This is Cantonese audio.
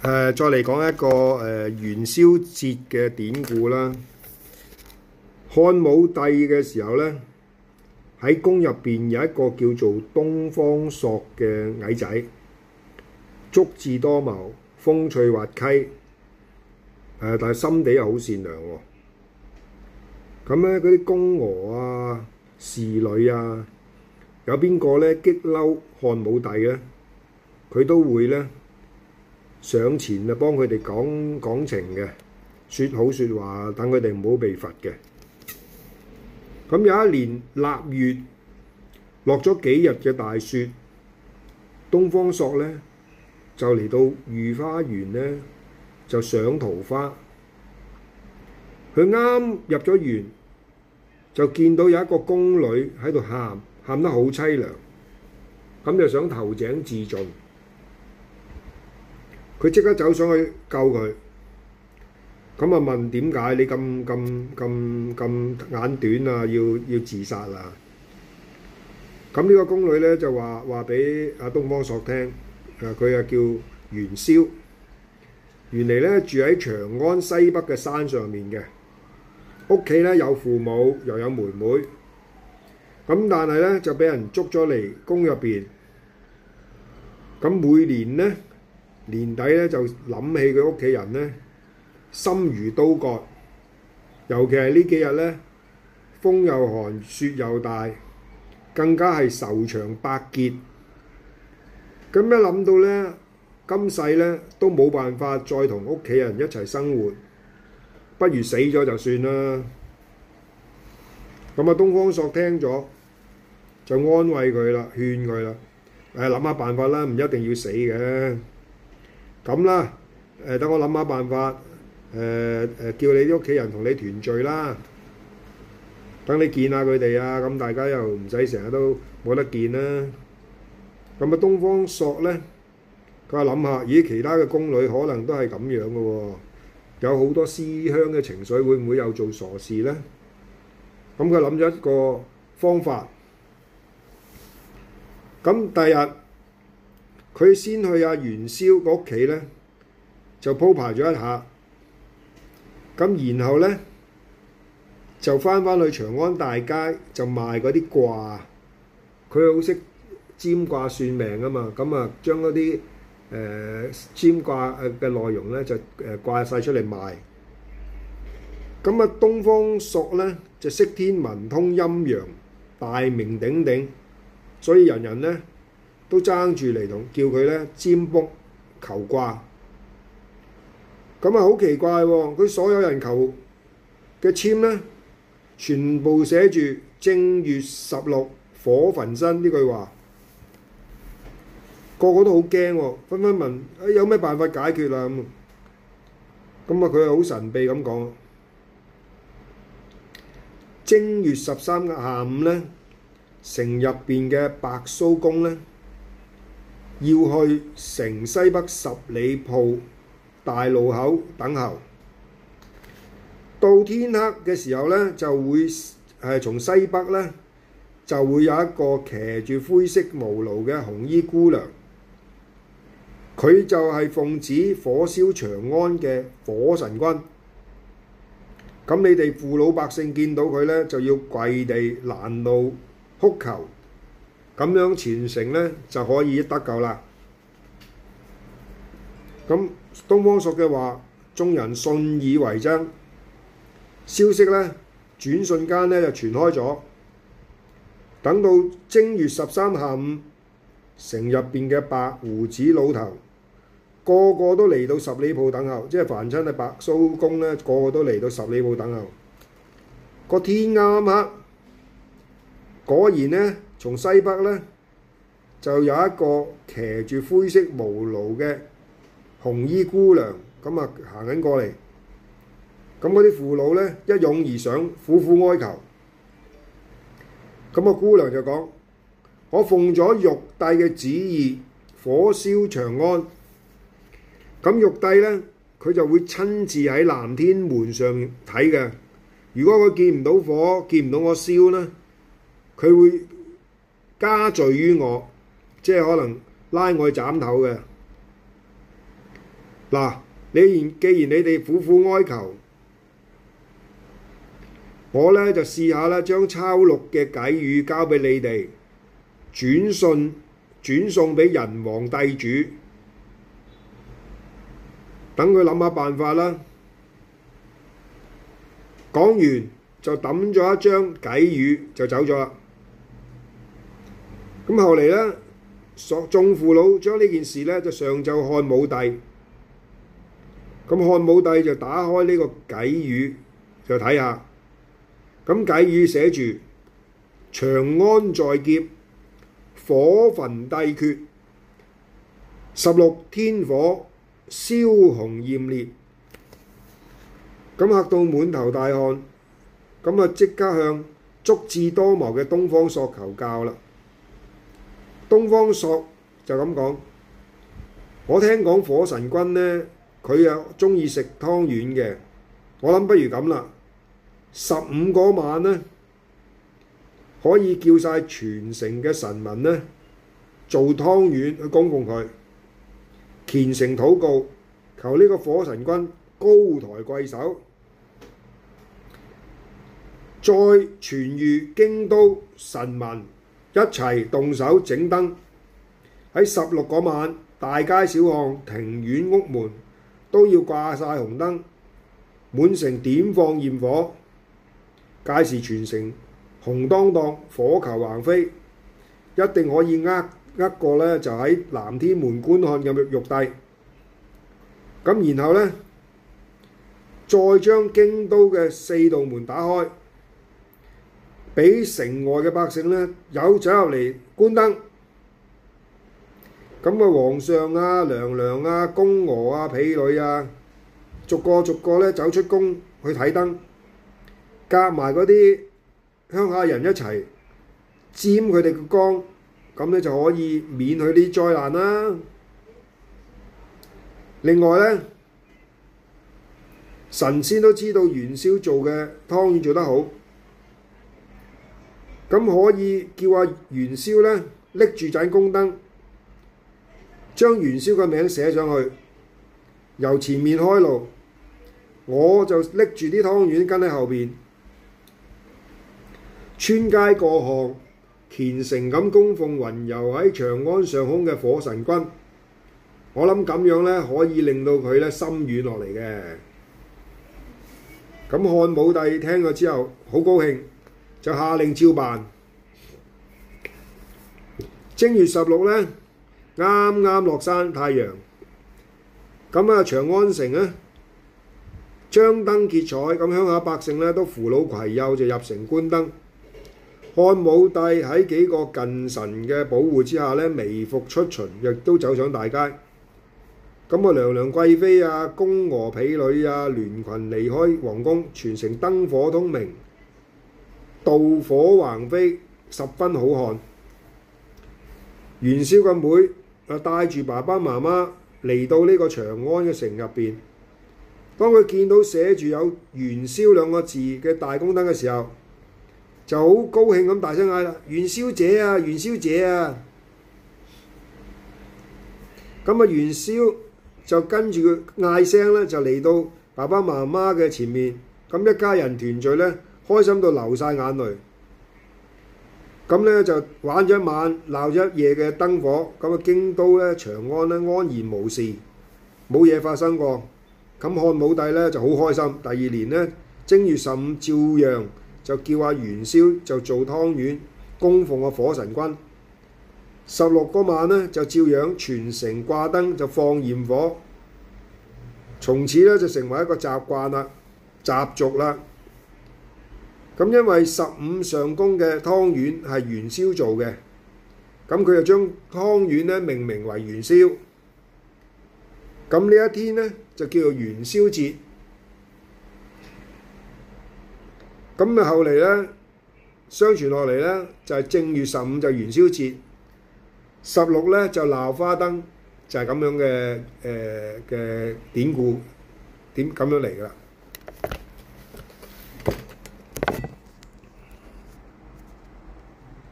誒，再嚟講一個誒元宵節嘅典故啦。漢武帝嘅時候咧，喺宮入邊有一個叫做東方朔嘅矮仔，足智多謀、風趣滑稽，誒，但係心地又好善良喎。咁咧，嗰啲宮娥啊、侍女啊，有邊個咧激嬲漢武帝咧，佢都會咧，上前啊，幫佢哋講講情嘅，説好説話，等佢哋唔好被罰嘅。咁有一年臘月落咗幾日嘅大雪，東方朔咧就嚟到御花園咧就賞桃花。佢啱入咗園，就見到有一個宮女喺度喊，喊得好凄涼，咁就想投井自盡。佢即刻走上去救佢，咁啊問，點解你咁咁咁咁眼短啊？要要自殺啊！咁呢個宮女咧就話話俾阿東方朔聽，誒佢啊叫元宵，原嚟咧住喺長安西北嘅山上面嘅，屋企咧有父母又有妹妹，咁但係咧就俾人捉咗嚟宮入邊，咁每年咧。年底咧就諗起佢屋企人咧，心如刀割。尤其係呢幾日咧，風又寒，雪又大，更加係愁長百結。咁一諗到咧，今世咧都冇辦法再同屋企人一齊生活，不如死咗就算啦。咁啊，東方朔聽咗，就安慰佢啦，勸佢啦，誒諗下辦法啦，唔一定要死嘅。咁啦，誒等我諗下辦法，誒誒叫你啲屋企人同你團聚啦，等你見下佢哋啊，咁大家又唔使成日都冇得見啦。咁啊，東方朔咧，佢啊諗下，咦，其他嘅宮女可能都係咁樣噶喎，有好多思鄉嘅情緒，會唔會又做傻事咧？咁佢諗咗一個方法，咁第日。佢先去阿元宵個屋企咧，就鋪排咗一下，咁然後咧就翻翻去長安大街就賣嗰啲卦，佢好識占卦算命啊嘛，咁啊將嗰啲誒占卦嘅內容咧就誒掛晒出嚟賣，咁啊東方朔咧就識天文通陰陽，大名鼎鼎，所以人人咧，都爭住嚟同叫佢咧占卜求卦，咁啊好奇怪喎，哦！佢所有人求嘅簽咧，全部寫住正月十六火焚身呢句話，個個都好驚喎，紛紛問：哎、有咩辦法解決啊？咁，咁啊佢啊好神秘咁講，正月十三嘅下午咧，城入邊嘅白蘇公咧。要去城西北十里鋪大路口等候，到天黑嘅時候咧，就會係從西北咧就會有一個騎住灰色毛驢嘅紅衣姑娘，佢就係奉旨火燒長安嘅火神君。咁你哋父老百姓見到佢咧，就要跪地攔路哭求。咁樣虔誠咧就可以得救啦。咁東方朔嘅話，眾人信以為真。消息咧轉瞬間咧就傳開咗。等到正月十三下午，城入邊嘅白胡子老頭個個都嚟到十里鋪等候，即係凡親嘅白鬚公咧，個個都嚟到十里鋪等候。個天啱黑，果然咧。從西北咧，就有一個騎住灰色毛驢嘅紅衣姑娘，咁啊行緊過嚟。咁嗰啲父老咧一擁而上，苦苦哀求。咁、那個姑娘就講：我奉咗玉帝嘅旨意，火燒長安。咁玉帝咧，佢就會親自喺南天門上睇嘅。如果佢見唔到火，見唔到我燒咧，佢會。加罪於我，即係可能拉我去斬頭嘅。嗱，你然既然你哋苦苦哀求，我咧就試下啦，將抄錄嘅偈語交俾你哋，轉信轉送俾仁皇帝主，等佢諗下辦法啦。講完就抌咗一張偈語就走咗啦。咁後嚟咧，索眾父老將呢件事咧就上奏漢武帝。咁漢武帝就打開呢個偈語，就睇下。咁偈語寫住，長安在劫，火焚帝闕，十六天火燒紅焰烈。咁嚇到滿頭大汗，咁啊即刻向足智多謀嘅東方朔求教啦。東方朔就咁講，我聽講火神君咧，佢又中意食湯圓嘅，我諗不如咁啦，十五嗰晚咧，可以叫晒全城嘅神民咧，做湯圓去供奉佢，虔誠禱告，求呢個火神君高抬貴手，再傳諭京都神民，一齊動手整燈，喺十六嗰晚，大街小巷、庭院屋門都要掛晒紅燈，滿城點放焰火，屆時全城紅當當，火球橫飛，一定可以呃呃過咧！就喺南天門觀看入玉帝。咁然後咧，再將京都嘅四道門打開。俾城外嘅百姓咧有走入嚟觀燈，咁啊皇上啊娘娘啊公娥啊婢女啊，逐個逐個咧走出宮去睇燈，夾埋嗰啲鄉下人一齊沾佢哋嘅光，咁咧就可以免去啲災難啦。另外咧，神仙都知道元宵做嘅湯圓做得好。咁可以叫阿元宵呢拎住盞宮燈，將元宵嘅名寫上去，由前面開路，我就拎住啲湯圓跟喺後邊，穿街過巷，虔誠咁供奉雲遊喺長安上空嘅火神君。我諗咁樣呢可以令到佢呢心軟落嚟嘅。咁漢武帝聽咗之後，好高興。就下令照辦。正月十六咧，啱啱落山，太陽。咁啊，長安城啊，張燈結彩，咁鄉下百姓咧都扶老攜幼就入城觀燈。漢武帝喺幾個近臣嘅保護之下咧，微服出巡，亦都走上大街。咁啊，娘娘貴妃啊，宮娥婢女啊，聯群離開皇宮，全城燈火通明。怒火橫飛，十分好看。元宵嘅妹啊，帶住爸爸媽媽嚟到呢個長安嘅城入邊。當佢見到寫住有元宵兩個字嘅大宮燈嘅時候，就好高興咁大聲嗌啦：元宵姐啊，元宵姐啊！咁啊，元宵就跟住佢嗌聲咧，就嚟到爸爸媽媽嘅前面。咁一家人團聚咧。開心到流曬眼淚，咁咧就玩咗一晚，鬧咗一夜嘅燈火，咁啊京都咧、長安咧安然無事，冇嘢發生過。咁漢武帝咧就好開心。第二年咧正月十五照樣就叫阿元宵就做湯圓供奉個火神君。十六嗰晚咧就照樣全城掛燈就放焰火，從此咧就成為一個習慣啦、習俗啦。咁因為十五上宮嘅湯圓係元宵做嘅，咁佢就將湯圓咧命名為元宵，咁呢一天咧就叫做元宵節。咁啊後嚟咧，相傳落嚟咧就係正月十五就元宵節，十六咧就鬧花燈，就係咁樣嘅誒嘅典故點咁樣嚟㗎啦。